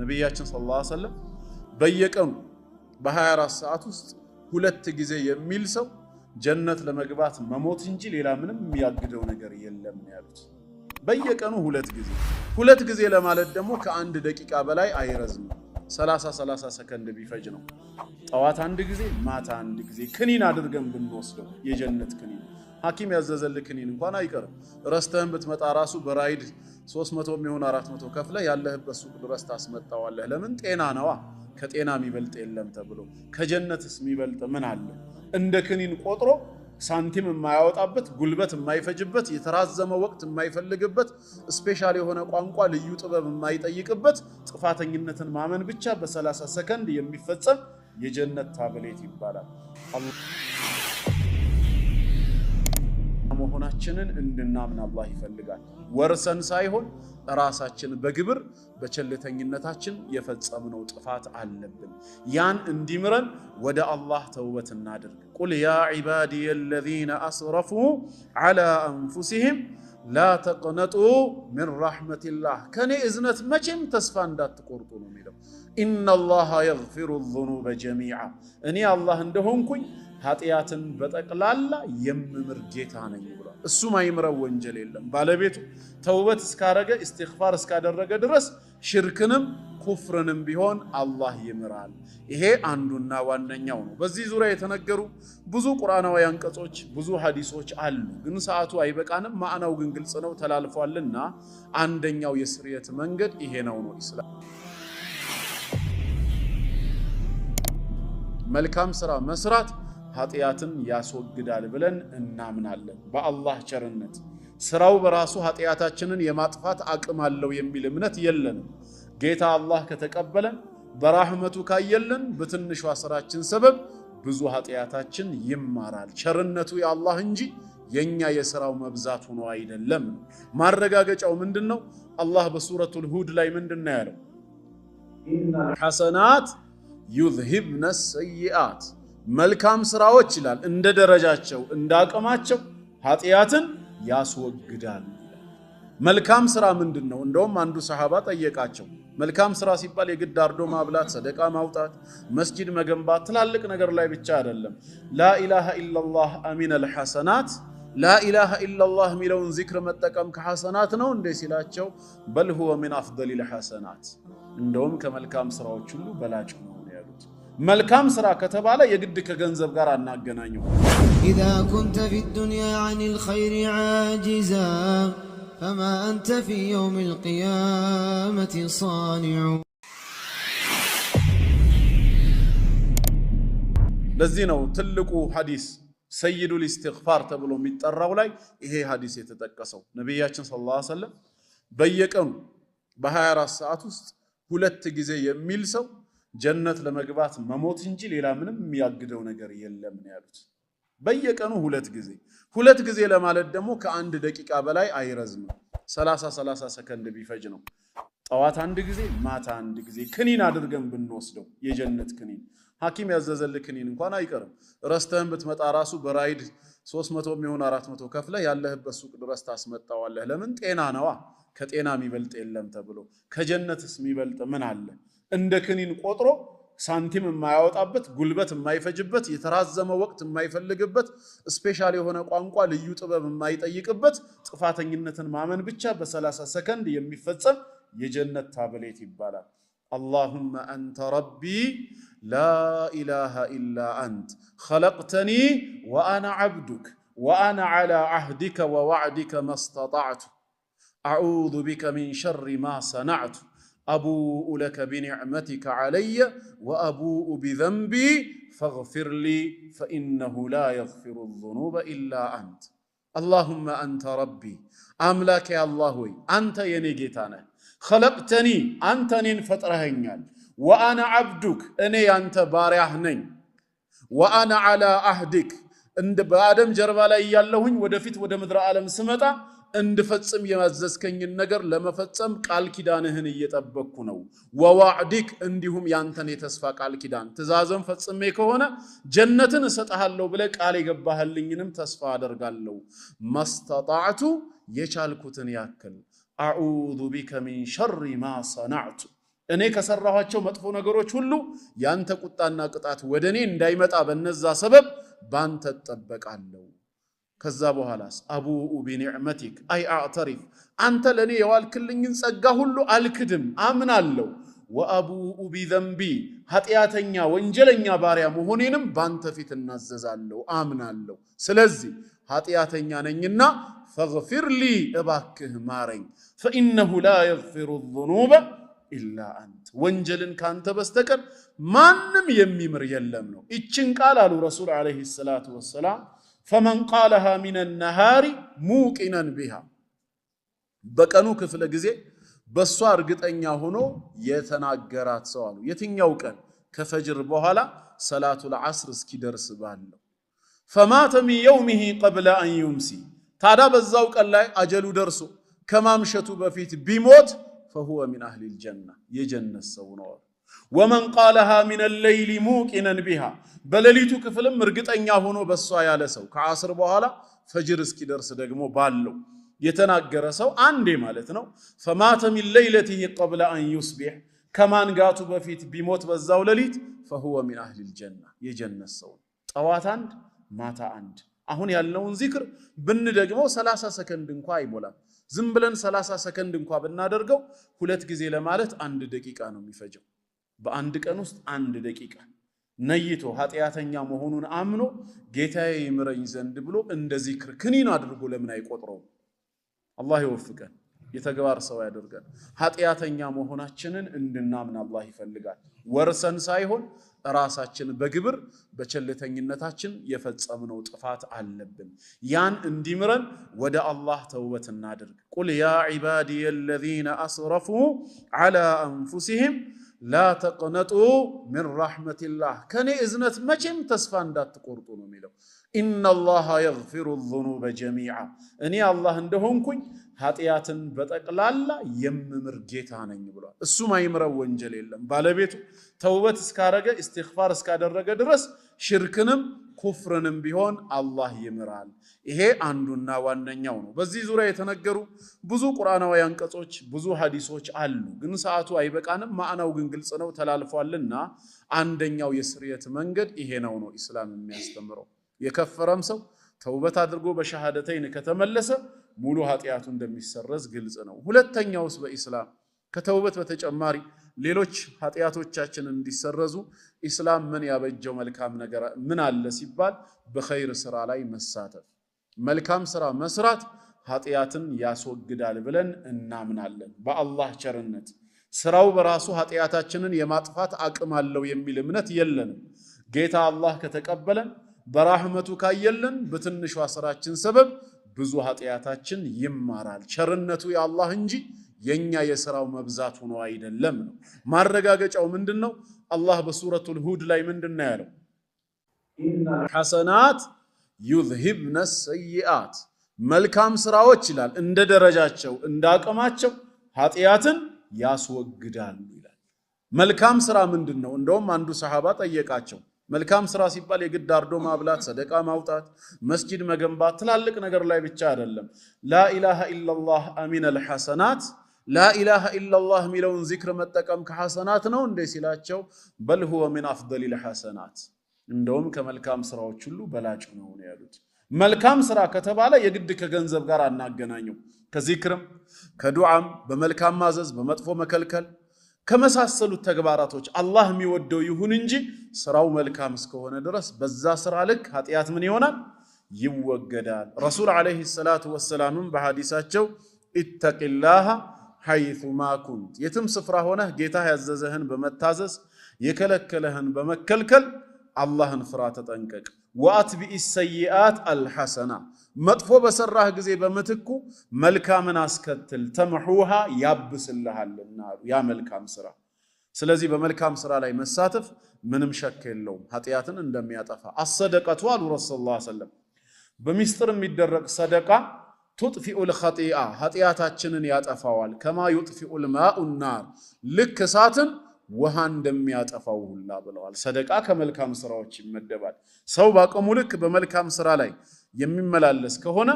ነቢያችን ሰለላሁ ዐለይሂ ወሰለም በየቀኑ በ24 ሰዓት ውስጥ ሁለት ጊዜ የሚል ሰው ጀነት ለመግባት መሞት እንጂ ሌላ ምንም የሚያግደው ነገር የለም ያሉት። በየቀኑ ሁለት ጊዜ ሁለት ጊዜ ለማለት ደግሞ ከአንድ ደቂቃ በላይ አይረዝም። 30 30 ሰከንድ ቢፈጅ ነው። ጠዋት አንድ ጊዜ፣ ማታ አንድ ጊዜ ክኒን አድርገን ብንወስደው የጀነት ክኒን ሐኪም ያዘዘልክን እንኳን አይቀርም ረስተህን ብትመጣ ራሱ በራይድ 300 የሚሆን 400 ከፍለ ያለህበት ሱቅ ድረስ ታስመጣዋለህ። ለምን? ጤና ነዋ። ከጤና የሚበልጥ የለም ተብሎ ከጀነትስ የሚበልጥ ምን አለ? እንደ ክኒን ቆጥሮ ሳንቲም የማያወጣበት ጉልበት የማይፈጅበት የተራዘመ ወቅት የማይፈልግበት ስፔሻል የሆነ ቋንቋ ልዩ ጥበብ የማይጠይቅበት ጥፋተኝነትን ማመን ብቻ በ30 ሰከንድ የሚፈጸም የጀነት ታብሌት ይባላል። መሆናችንን እንድናምን አላህ ይፈልጋል። ወርሰን ሳይሆን ራሳችን በግብር በቸልተኝነታችን የፈጸምነው ጥፋት አለብን። ያን እንዲምረን ወደ አላህ ተውበት እናድርግ። ቁል ያ ዒባዲየ አለዚነ አስረፉ ዐላ አንፉሲሂም ላ ተቅነጡ ሚን ረሕመቲላህ፣ ከኔ እዝነት መቼም ተስፋ እንዳትቆርጡ ነው የሚለው። ኢነላሃ የግፊሩ ዙኑበ ጀሚዓ፣ እኔ አላህ እንደሆንኩኝ ኃጢአትን በጠቅላላ የምምር ጌታ ነኝ ብሏል። እሱ ማይምረው ወንጀል የለም። ባለቤቱ ተውበት እስካረገ እስትግፋር እስካደረገ ድረስ ሽርክንም ኩፍርንም ቢሆን አላህ ይምራል። ይሄ አንዱና ዋነኛው ነው። በዚህ ዙሪያ የተነገሩ ብዙ ቁርአናዊ አንቀጾች፣ ብዙ ሐዲሶች አሉ፣ ግን ሰዓቱ አይበቃንም። ማዕናው ግን ግልጽ ነው፣ ተላልፏልና አንደኛው የስርየት መንገድ ይሄ ነው ነው ኢስላም መልካም ስራ መስራት ኃጢአትን ያስወግዳል ብለን እናምናለን። በአላህ ቸርነት ስራው በራሱ ኃጢአታችንን የማጥፋት አቅም አለው የሚል እምነት የለንም። ጌታ አላህ ከተቀበለን በራህመቱ ካየለን በትንሿ ስራችን ሰበብ ብዙ ኃጢአታችን ይማራል። ቸርነቱ የአላህ እንጂ የኛ የስራው መብዛት ሆኖ አይደለም። ማረጋገጫው ምንድን ነው? አላህ በሱረቱል ሁድ ላይ ምንድን ነው ያለው? ሐሰናት ዩዝሂብነ ሰይአት መልካም ስራዎች ይላል እንደ ደረጃቸው እንደ አቅማቸው ኃጢአትን ያስወግዳል። መልካም ስራ ምንድን ነው? እንደውም አንዱ ሰሃባ ጠየቃቸው። መልካም ስራ ሲባል የግድ አርዶ ማብላት፣ ሰደቃ ማውጣት፣ መስጂድ መገንባት ትላልቅ ነገር ላይ ብቻ አይደለም። ላኢላሀ ኢላላህ አሚነል ሐሰናት ላኢላሃ ኢላላህ የሚለውን ዚክር መጠቀም ከሐሰናት ነው እንዴ ሲላቸው፣ በል ሁወ ሚን አፍደሊል ሐሰናት እንደውም ከመልካም ስራዎች ሁሉ በላጭ ነው መልካም ስራ ከተባለ የግድ ከገንዘብ ጋር አናገናኘው። ኢዛ ኩንተ ፊ ዱንያ አን ልኸይር ዓጂዛ ፈማ አንተ ፊ የውም ልቅያመት ሳኒዑ። ለዚህ ነው ትልቁ ሐዲስ ሰይዱ ኢስቲግፋር ተብሎ የሚጠራው ላይ ይሄ ሐዲስ የተጠቀሰው። ነቢያችን ሰለላሁ ዐለይሂ ወሰለም በየቀኑ በ24 ሰዓት ውስጥ ሁለት ጊዜ የሚል ሰው ጀነት ለመግባት መሞት እንጂ ሌላ ምንም የሚያግደው ነገር የለም ነው ያሉት። በየቀኑ ሁለት ጊዜ ሁለት ጊዜ ለማለት ደግሞ ከአንድ ደቂቃ በላይ አይረዝምም። ሰላሳ ሰላሳ ሰከንድ ቢፈጅ ነው። ጠዋት አንድ ጊዜ፣ ማታ አንድ ጊዜ ክኒን አድርገን ብንወስደው የጀነት ክኒን ሐኪም ያዘዘልህ ክኒን እንኳን አይቀርም። ረስተህን ብትመጣ ራሱ በራይድ 300 የሚሆን 400 ከፍለህ ያለህበት ሱቅ ድረስ ታስመጣዋለህ። ለምን? ጤና ነዋ። ከጤና የሚበልጥ የለም ተብሎ ከጀነትስ የሚበልጥ ምን አለ? عند كنين قطرو سانتيم ما يوت أبت قلبة ما يفجبت يترز ما وقت ما يفلجبت سبيشالي هنا قام قال يوتيوب ما يتأيكبت تفعت جنة ما من بتشا بس لا سكن دي مفصل يجنة تابليتي بالا اللهم أنت ربي لا إله إلا أنت خلقتني وأنا عبدك وأنا على عهدك ووعدك ما استطعت أعوذ بك من شر ما صنعت أبوء لك بنعمتك علي وأبوء بذنبي فاغفر لي فإنه لا يغفر الذنوب إلا أنت اللهم أنت ربي أملك يا الله أنت يا نيجيتانا خلقتني أنت نين فترة وأنا عبدك أني أنت باري أهنين وأنا على أهدك عند بآدم جربالا يالهن ودفت ودمدر آلم سمتا እንድፈጽም የማዘዝከኝን ነገር ለመፈጸም ቃል ኪዳንህን እየጠበቅኩ ነው። ወዋዕዲክ እንዲሁም ያንተን የተስፋ ቃል ኪዳን ትእዛዘን ፈጽሜ ከሆነ ጀነትን እሰጠሃለሁ ብለህ ቃል የገባህልኝንም ተስፋ አደርጋለሁ። መስተጣዕቱ የቻልኩትን ያክል አዑዙ ቢከ ሚን ሸሪ ማ ሰናዕቱ እኔ ከሰራኋቸው መጥፎ ነገሮች ሁሉ ያንተ ቁጣና ቅጣት ወደ እኔ እንዳይመጣ በነዛ ሰበብ ባንተ እጠበቃለሁ። ከዛ በኋላስ አቡኡ ቢኒዕመቲክ አይ አዕተሪፍ አንተ ለእኔ የዋልክልኝን ጸጋ ሁሉ አልክድም፣ አምናለሁ። ወአቡኡ ቢዘንቢ ኃጢአተኛ ወንጀለኛ ባሪያ መሆኔንም በአንተ ፊት እናዘዛለሁ፣ አምናለሁ። ስለዚህ ኃጢአተኛ ነኝና ፈግፊር ሊ እባክህ ማረኝ። ፈኢነሁ ላ የግፊሩ ዙኑበ ኢላ አንት ወንጀልን ከአንተ በስተቀር ማንም የሚምር የለም ነው። ይችን ቃል አሉ ረሱል ዓለይሂ ሰላቱ ወሰላም ፈመን ቃለሃ ሚነ ነሃሪ ሙቂነን ቢሃ በቀኑ ክፍለ ጊዜ በእሷ እርግጠኛ ሆኖ የተናገራት ሰው አሉ። የትኛው ቀን? ከፈጅር በኋላ ሰላቱል ዐስር እስኪደርስ ባለው። ፈማተ ሚን የውሚሂ ቀብለ አን ዩምሲ፣ ታዲያ በዛው ቀን ላይ አጀሉ ደርሶ ከማምሸቱ በፊት ቢሞት ፈሁወ ሚን አህሊል ጀና የጀነት ሰው ነዋል ወመን ቃለሃ ሚነ ሌይሊ ሙቂነን ቢሃ በሌሊቱ ክፍልም እርግጠኛ ሆኖ በሷ ያለ ሰው ከአስር በኋላ ፈጅር እስኪደርስ ደግሞ ባለው የተናገረ ሰው አንዴ ማለት ነው። ፈማተ ሚን ለይለቲሂ ቀብለ አን ዩስቢሕ ከማንጋቱ በፊት ቢሞት በዛው ሌሊት ፈሁወ ሚን አህሊል ጀና የጀነት ሰው ጠዋት አንድ ማታ አንድ። አሁን ያለውን ዚክር ብን ደግሞ ሰላሳ ሰከንድ እንኳ አይሞላም። ዝም ብለን ሰላሳ ሰከንድ እንኳ ብናደርገው ሁለት ጊዜ ለማለት አንድ ደቂቃ ነው የሚፈጀው። በአንድ ቀን ውስጥ አንድ ደቂቃ ነይቶ ኃጢአተኛ መሆኑን አምኖ ጌታዬ ይምረኝ ዘንድ ብሎ እንደ ዚክር ክኒን አድርጎ ለምን አይቆጥረውም? አላህ ይወፍቀን፣ የተግባር ሰው ያደርገን። ኃጢአተኛ መሆናችንን እንድናምን አላህ ይፈልጋል። ወርሰን ሳይሆን ራሳችን በግብር በቸልተኝነታችን የፈጸምነው ጥፋት አለብን። ያን እንዲምረን ወደ አላህ ተውበት እናድርግ። ቁል ያ ዒባዲየ ለዚነ አስረፉ ዐላ አንፉሲህም። لا تقنطوا من رحمة الله كني إذنت ما جم تسفان دات تقرطون ميلو إن الله يغفر الذنوب جميعا إني الله عندهم كن هاتيات بتق لا لا يم مرجيت عن إني بلا السماء يمر وانجلي الله بالبيت توبة سكارجة استغفار سكادر درس ሽርክንም ኩፍርንም ቢሆን አላህ ይምራል። ይሄ አንዱና ዋነኛው ነው። በዚህ ዙሪያ የተነገሩ ብዙ ቁርአናዊ አንቀጾች፣ ብዙ ሀዲሶች አሉ፣ ግን ሰዓቱ አይበቃንም። ማዕናው ግን ግልጽ ነው ተላልፏልና፣ አንደኛው የስርየት መንገድ ይሄ ነው ነው ኢስላም የሚያስተምረው። የከፈረም ሰው ተውበት አድርጎ በሸሃደተይን ከተመለሰ ሙሉ ኃጢአቱ እንደሚሰረዝ ግልጽ ነው። ሁለተኛውስ በኢስላም ከተውበት በተጨማሪ ሌሎች ኃጢአቶቻችንን እንዲሰረዙ ኢስላም ምን ያበጀው መልካም ነገር ምን አለ ሲባል በኸይር ስራ ላይ መሳተፍ፣ መልካም ስራ መስራት ኃጢአትን ያስወግዳል ብለን እናምናለን። በአላህ ቸርነት ስራው በራሱ ኃጢአታችንን የማጥፋት አቅም አለው የሚል እምነት የለንም። ጌታ አላህ ከተቀበለን በራህመቱ ካየለን በትንሿ ስራችን ሰበብ ብዙ ኃጢአታችን ይማራል። ቸርነቱ የአላህ እንጂ የኛ የሥራው መብዛት ሆኖ አይደለም ነው። ማረጋገጫው ምንድን ነው? አላህ በሱረቱል ሁድ ላይ ምንድን ነው ያለው? ሐሰናት ዩዝሂብነ ሰይአት፣ መልካም ስራዎች ይላል እንደ ደረጃቸው እንደ አቅማቸው ኃጢአትን ያስወግዳሉ ይላል። መልካም ስራ ምንድን ነው? እንደውም አንዱ ሰሐባ ጠየቃቸው። መልካም ስራ ሲባል የግድ አርዶ ማብላት፣ ሰደቃ ማውጣት፣ መስጂድ መገንባት፣ ትላልቅ ነገር ላይ ብቻ አይደለም። ላኢላሃ ኢላላህ አሚነል ሐሰናት ላኢላሃ ኢላላህ የሚለውን ዚክር መጠቀም ከሐሰናት ነው እንዴ ሲላቸው፣ በል ሁወ ሚን አፍደሊል ሐሰናት እንደውም ከመልካም ስራዎች ሁሉ በላጭ ነው ያሉት። መልካም ስራ ከተባለ የግድ ከገንዘብ ጋር አናገናኘው። ከዚክርም ከዱዓም በመልካም ማዘዝ በመጥፎ መከልከል ከመሳሰሉት ተግባራቶች አላህ የሚወደው ይሁን እንጂ ስራው መልካም እስከሆነ ድረስ በዛ ስራ ልክ ኃጢአት ምን ይሆናል? ይወገዳል። ረሱል ዓለይሂ ሰላቱ ወሰላምም በሐዲሳቸው ኢተቂላሃ ሐይቱ ማኩንት የትም ስፍራ ሆነህ ጌታ ያዘዘህን በመታዘዝ የከለከለህን በመከልከል አላህን ፍራ፣ ተጠንቀቅ። ወአትቢኢ ሰይአት አልሐሰና መጥፎ በሰራህ ጊዜ በምትኩ መልካምን አስከትል፣ ተምሑሃ ያብስልሃልና ያ መልካም ስራ። ስለዚህ በመልካም ስራ ላይ መሳተፍ ምንም ሸክ የለውም ኃጢአትን እንደሚያጠፋ። አሰደቀቱ አሉ ረሱል ሰለም በሚስጥር የሚደረግ ሰደቃ ቱጥፊኡል ኸጢአ ኃጢአታችንን ያጠፋዋል። ከማ ዩጥፊኡል ማኡን ናር ልክ እሳትን ውሃ እንደሚያጠፋው ሁላ ብለዋል። ሰደቃ ከመልካም ስራዎች ይመደባል። ሰው በአቅሙ ልክ በመልካም ስራ ላይ የሚመላለስ ከሆነ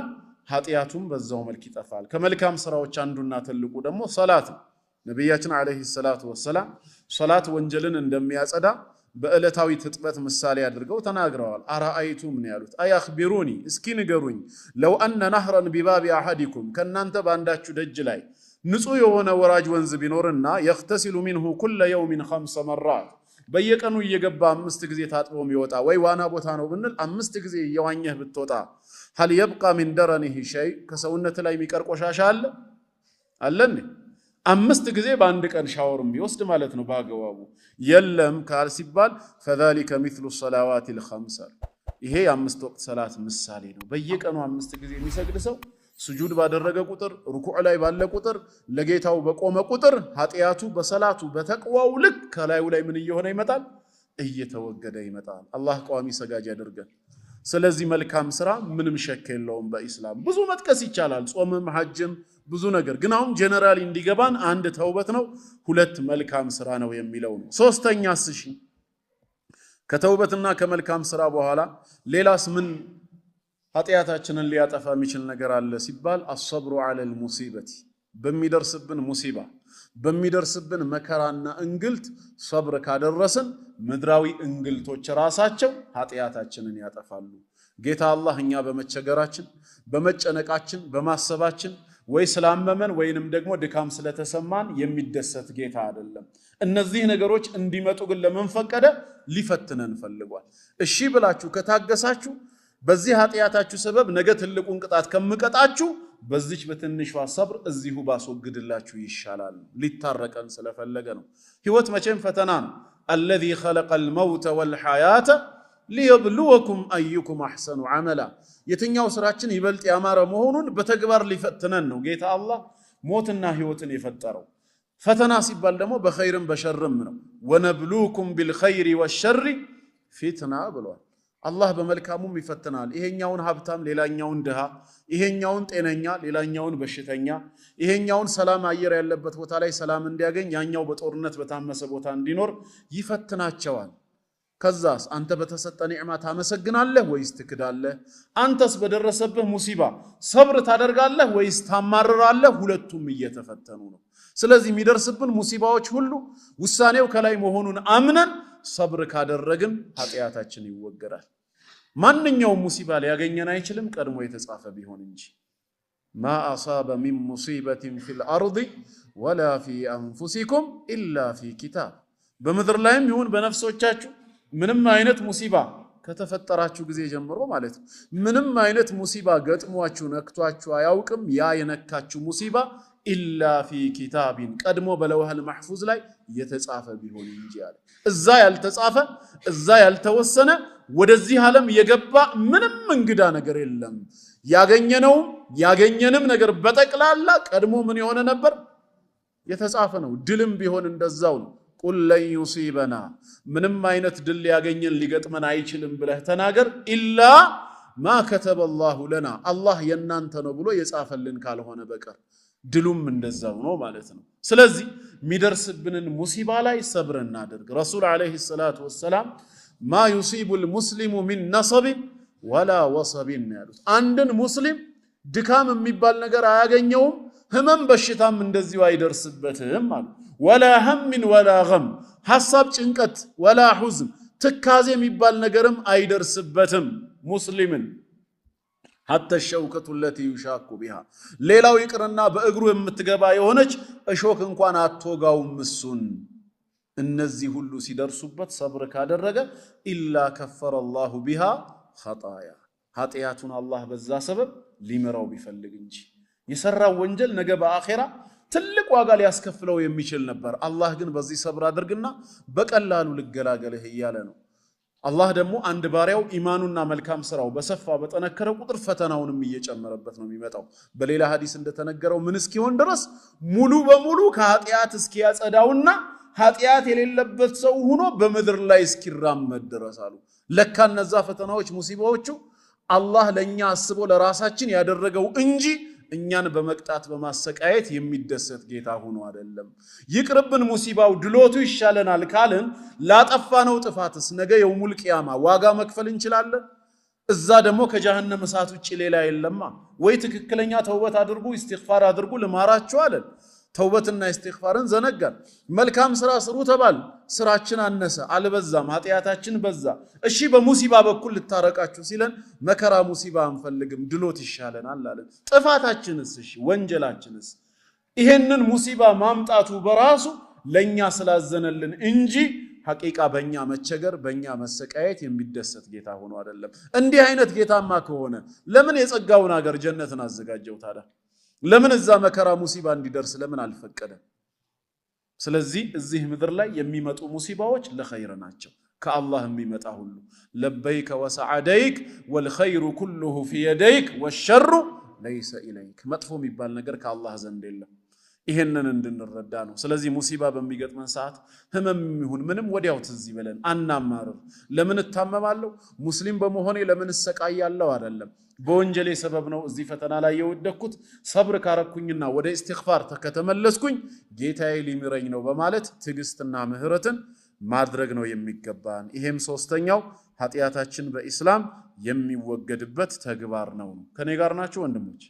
ኃጢአቱም በዛው መልክ ይጠፋል። ከመልካም ስራዎች አንዱና ትልቁ ደግሞ ሰላት ነው። ነቢያችን ዓለይሂ ሰላቱ ወሰላም ሰላት ወንጀልን እንደሚያጸዳ በዕለታዊ ትጥበት ምሳሌ አድርገው ተናግረዋል። አራአይቱም ነው ያሉት። አያኽቢሩኒ እስኪ ንገሩኝ። ለው አነ ናህረን ቢባቢ አሐዲኩም ከእናንተ በአንዳችሁ ደጅ ላይ ንጹሕ የሆነ ወራጅ ወንዝ ቢኖርና የኽተሲሉ ሚንሁ ኩለ የውሚን ኸምሰ መራት በየቀኑ እየገባ አምስት ጊዜ ታጥቦ የሚወጣ ወይ ዋና ቦታ ነው ብንል አምስት ጊዜ እየዋኘህ ብትወጣ ሀል የብቃ ሚን ደረኒህ ሸይ ከሰውነት ላይ የሚቀር ቆሻሻ አለ አለን አምስት ጊዜ በአንድ ቀን ሻወር የሚወስድ ማለት ነው በአግባቡ የለም ካል ሲባል ፈዛሊከ ሚስሉ ሰላዋት ልከምስ ይሄ የአምስት ወቅት ሰላት ምሳሌ ነው። በየቀኑ አምስት ጊዜ የሚሰግድ ሰው ስጁድ ባደረገ ቁጥር፣ ርኩዕ ላይ ባለ ቁጥር፣ ለጌታው በቆመ ቁጥር ኃጢአቱ በሰላቱ በተቅዋው ልክ ከላዩ ላይ ምን እየሆነ ይመጣል? እየተወገደ ይመጣል። አላህ ቋሚ ሰጋጅ ያደርገን። ስለዚህ መልካም ስራ ምንም ሸክ የለውም በኢስላም ብዙ መጥቀስ ይቻላል። ጾምም ሐጅም ብዙ ነገር ግን አሁን ጀነራል እንዲገባን አንድ ተውበት ነው፣ ሁለት መልካም ስራ ነው የሚለው ነው። ሶስተኛ ስሺ ከተውበትና ከመልካም ስራ በኋላ ሌላስ ምን ኃጢአታችንን ሊያጠፋ የሚችል ነገር አለ ሲባል አሰብሩ አለል ሙሲበት በሚደርስብን ሙሲባ በሚደርስብን መከራና እንግልት ሰብር ካደረስን ምድራዊ እንግልቶች ራሳቸው ኃጢአታችንን ያጠፋሉ። ጌታ አላህ እኛ በመቸገራችን፣ በመጨነቃችን፣ በማሰባችን ወይ ስላመመን ወይንም ደግሞ ድካም ስለተሰማን የሚደሰት ጌታ አይደለም። እነዚህ ነገሮች እንዲመጡ ግን ለምን ፈቀደ? ሊፈትነን ፈልጓል። እሺ ብላችሁ ከታገሳችሁ በዚህ ኃጢአታችሁ ሰበብ ነገ ትልቁን ቅጣት ከምቀጣችሁ በዚች በትንሿ ሰብር እዚሁ ባስወግድላችሁ ይሻላል። ሊታረቀን ስለፈለገ ነው። ህይወት መቼም ፈተና ነው። አለዚ ኸለቀል መውተ ወልሐያተ ሊየብልወኩም አዩኩም አሕሰኑ አመላ የትኛው ስራችን ይበልጥ ያማረ መሆኑን በተግባር ሊፈትነን ነው ጌታ አላህ ሞትና ህይወትን የፈጠረው። ፈተና ሲባል ደግሞ በኸይርም በሸርም ነው። ወነብሉኩም ቢልኸይሪ ወሸሪ ፊትና ብሏል። አላህ በመልካሙም ይፈትናል። ይሄኛውን ሀብታም፣ ሌላኛውን ድሃ፣ ይሄኛውን ጤነኛ፣ ሌላኛውን በሽተኛ፣ ይሄኛውን ሰላም አየር ያለበት ቦታ ላይ ሰላም እንዲያገኝ፣ ያኛው በጦርነት በታመሰ ቦታ እንዲኖር ይፈትናቸዋል። ከዛስ አንተ በተሰጠ ኒዕማ ታመሰግናለህ ወይስ ትክዳለህ? አንተስ በደረሰብህ ሙሲባ ሰብር ታደርጋለህ ወይስ ታማርራለህ? ሁለቱም እየተፈተኑ ነው። ስለዚህ የሚደርስብን ሙሲባዎች ሁሉ ውሳኔው ከላይ መሆኑን አምነን ሰብር ካደረግን ኃጢአታችን ይወገዳል። ማንኛውም ሙሲባ ሊያገኘን አይችልም ቀድሞ የተጻፈ ቢሆን እንጂ ማ አሳበ ሚን ሙሲበትን ፊል አርድ ወላ ፊ አንፉሲኩም ኢላ ፊ ኪታብ በምድር ላይም ይሁን በነፍሶቻችሁ ምንም አይነት ሙሲባ ከተፈጠራችሁ ጊዜ ጀምሮ ማለት ነው። ምንም አይነት ሙሲባ ገጥሟችሁ ነክቷችሁ አያውቅም። ያ የነካችሁ ሙሲባ ኢላ ፊ ኪታቢን ቀድሞ በለውሃል ማሕፉዝ ላይ የተጻፈ ቢሆን እንጂ አለ። እዛ ያልተጻፈ እዛ ያልተወሰነ ወደዚህ ዓለም የገባ ምንም እንግዳ ነገር የለም። ያገኘነውም ያገኘንም ነገር በጠቅላላ ቀድሞ ምን የሆነ ነበር? የተጻፈ ነው። ድልም ቢሆን እንደዛው ነው። ቁል ለን ዩሲበና ምንም አይነት ድል ሊያገኘን ሊገጥመን አይችልም ብለህ ተናገር። ኢላ ማ ከተበ ላሁ ለና አላህ የእናንተ ነው ብሎ የጻፈልን ካልሆነ በቀር ድሉም እንደዛው ነው ማለት ነው። ስለዚህ የሚደርስብንን ሙሲባ ላይ ሰብር እናደርግ ረሱል ዓለይሂ ሰላቱ ወሰላም ማ ዩሲቡ ልሙስሊሙ ሚን ነሰቢን ወላ ወሰቢን ያሉት አንድን ሙስሊም ድካም የሚባል ነገር አያገኘውም ህመም በሽታም እንደዚሁ አይደርስበትም አሉ። ወላ ሀሚን ወላ ገም ሀሳብ ጭንቀት፣ ወላ ሑዝን ትካዜ የሚባል ነገርም አይደርስበትም ሙስሊምን ሐተ ሸውከቱ ለቲ ዩሻኩ ቢሃ ሌላው ይቅርና በእግሩ የምትገባ የሆነች እሾክ እንኳን አትወጋውም እሱን። እነዚህ ሁሉ ሲደርሱበት ሰብር ካደረገ ኢላ ከፈረ አላሁ ቢሃ ኸጣያ ኃጢአቱን አላህ በዛ ሰበብ ሊምረው ቢፈልግ እንጂ የሰራው ወንጀል ነገ በአኼራ ትልቅ ዋጋ ሊያስከፍለው የሚችል ነበር። አላህ ግን በዚህ ሰብር አድርግና በቀላሉ ልገላገልህ እያለ ነው። አላህ ደግሞ አንድ ባሪያው ኢማኑና መልካም ስራው በሰፋ በጠነከረ ቁጥር ፈተናውንም እየጨመረበት ነው የሚመጣው። በሌላ ሀዲስ እንደተነገረው ምን እስኪሆን ድረስ ሙሉ በሙሉ ከኃጢአት እስኪያጸዳውና ኃጢአት የሌለበት ሰው ሆኖ በምድር ላይ እስኪራመድ ድረስ አሉ። ለካ እነዛ ፈተናዎች ሙሲባዎቹ አላህ ለእኛ አስቦ ለራሳችን ያደረገው እንጂ እኛን በመቅጣት በማሰቃየት የሚደሰት ጌታ ሆኖ አይደለም። ይቅርብን ሙሲባው ድሎቱ ይሻለናል ካልን ላጠፋነው ጥፋትስ ነገ የውሙል ቅያማ ዋጋ መክፈል እንችላለን። እዛ ደግሞ ከጀሃነም እሳት ውጭ ሌላ የለማ። ወይ ትክክለኛ ተውበት አድርጉ፣ ኢስቲግፋር አድርጉ፣ ልማራችሁ አለን። ተውበትና ኢስቲግፋርን ዘነጋን። መልካም ስራ ስሩ ተባል፣ ስራችን አነሰ አልበዛም፣ ኃጢአታችን በዛ። እሺ በሙሲባ በኩል ልታረቃችሁ ሲለን መከራ ሙሲባ አንፈልግም፣ ድሎት ይሻለናል አለን። ጥፋታችንስ? እሺ ወንጀላችንስ? ይሄንን ሙሲባ ማምጣቱ በራሱ ለእኛ ስላዘነልን እንጂ ሐቂቃ በእኛ መቸገር በእኛ መሰቃየት የሚደሰት ጌታ ሆኖ አይደለም። እንዲህ አይነት ጌታማ ከሆነ ለምን የጸጋውን አገር ጀነትን አዘጋጀው ታዲያ? لمن الزامة مكرا مصيبة عندي درس لمن الفك كده سلزي الزيه مدر لا يميمت ومصيبة وش لخير ناتشو كالله ميمت أهلو لبيك وسعديك والخير كله في يديك والشر ليس إليك ما ميبال بالنجر كالله زند ይሄንን እንድንረዳ ነው። ስለዚህ ሙሲባ በሚገጥመን ሰዓት ህመም የሚሆን ምንም ወዲያው ትዝ ይበለን፣ አናማርር። ለምን እታመማለሁ፣ ሙስሊም በመሆኔ ለምን እሰቃያለሁ አይደለም። በወንጀሌ ሰበብ ነው እዚህ ፈተና ላይ የወደኩት። ሰብር ካረኩኝና ወደ ኢስቲግፋር ከተመለስኩኝ ጌታዬ ሊምረኝ ነው በማለት ትዕግስትና ምህረትን ማድረግ ነው የሚገባን። ይሄም ሶስተኛው ኃጢአታችን በኢስላም የሚወገድበት ተግባር ነው። ከኔ ጋር ናችሁ ወንድሞች?